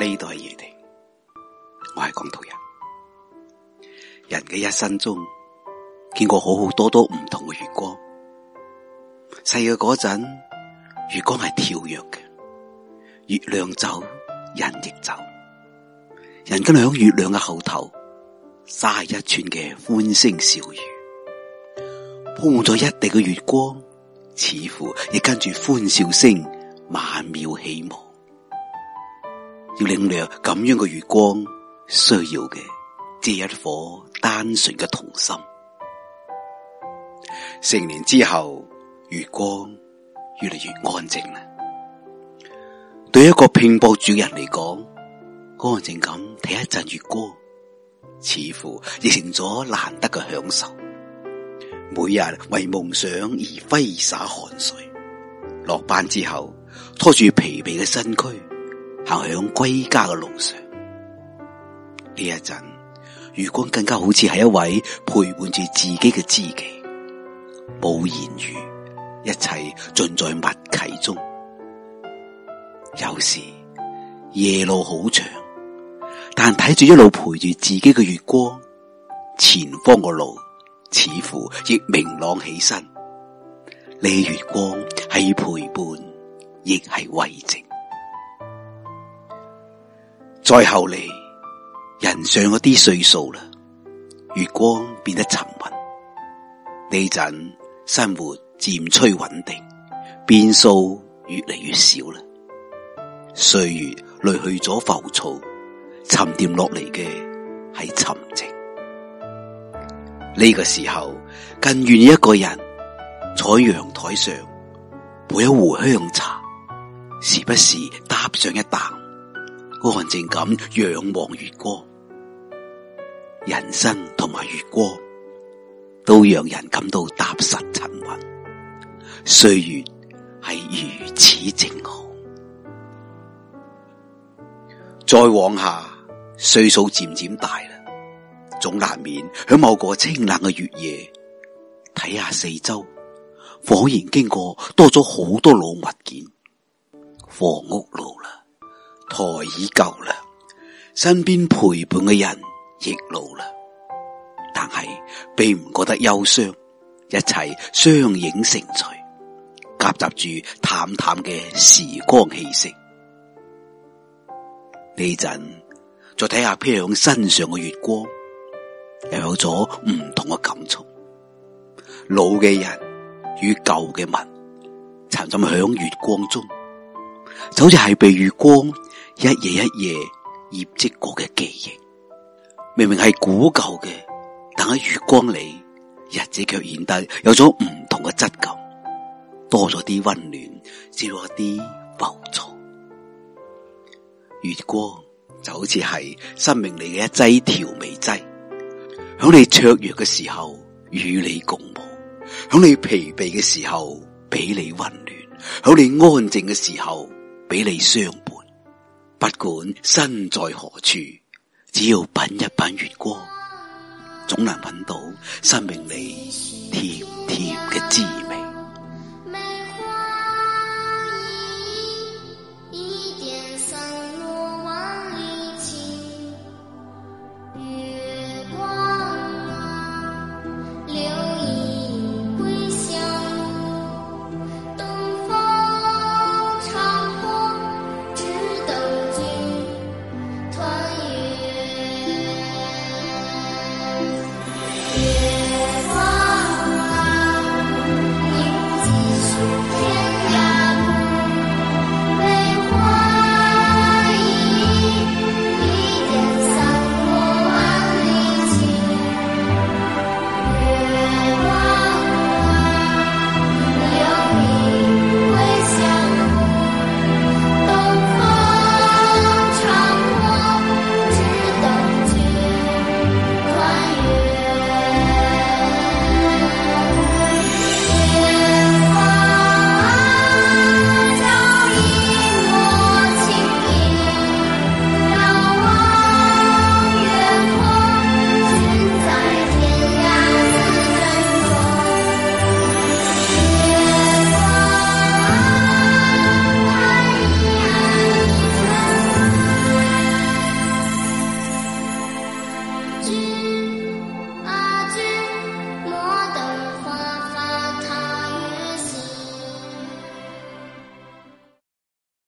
呢度代嘢地，我係廣東人。人嘅一生中見過好好多多唔同嘅月光。細個嗰陣，月光係跳躍嘅，月亮走，人亦走。人跟住響月亮嘅後頭，撒一串嘅歡聲笑語，鋪滿咗一地嘅月光，似乎亦跟住歡笑聲曼妙起舞。要領略咁樣嘅月光，需要嘅只係一顆單純嘅童心。成年之後，月光越嚟越安靜啦。對一個拼搏主人嚟講，安靜咁睇一陣月光，似乎亦成咗難得嘅享受。每日為夢想而揮灑汗水，落班之後拖住疲憊嘅身軀。行響歸家嘅路上，呢一陣月光更加好似係一位陪伴住自己嘅知己，冇言語，一切盡在默契中。有時夜路好長，但睇住一路陪住自己嘅月光，前方嘅路似乎亦明朗起身。呢月光係陪伴，亦係慰藉。再後嚟，人上嗰啲歲數啦，月光變得沉穩，呢陣生活漸趨穩定，變數越嚟越少啦，歲月濾去咗浮躁，沉澱落嚟嘅係沉靜。呢、這個時候，更願意一個人坐喺陽台上，泡一壺香茶，時不時搭上一啖。安靜咁仰望月光，人生同埋月光都讓人感到踏實沉穩，歲月係如此靜好。再往下，歲數漸漸大啦，總難免響某個清冷嘅月夜，睇下四周，恍然經過多咗好多老物件，房屋路啦，台已舊啦，身邊陪伴嘅人亦老啦，但係並唔覺得憂傷，一切相映成趣，夾雜住淡淡嘅時光氣息。呢陣再睇下披響身上嘅月光，又有咗唔同嘅感觸。老嘅人與舊嘅物，沉浸響月光中。就好似係被月光一夜一夜累積過嘅記憶，明明係古舊嘅，但喺月光裏，日子卻顯得有咗唔同嘅質感，多咗啲溫暖，少咗啲浮躁。月光就好似係生命裏嘅一劑調味劑，響你雀躍嘅時候與你共舞，響你疲憊嘅時候俾你溫暖，響你安靜嘅時候。俾你相伴，不管身在何處，只要品一品月光，總能揾到生命裏甜甜嘅滋味。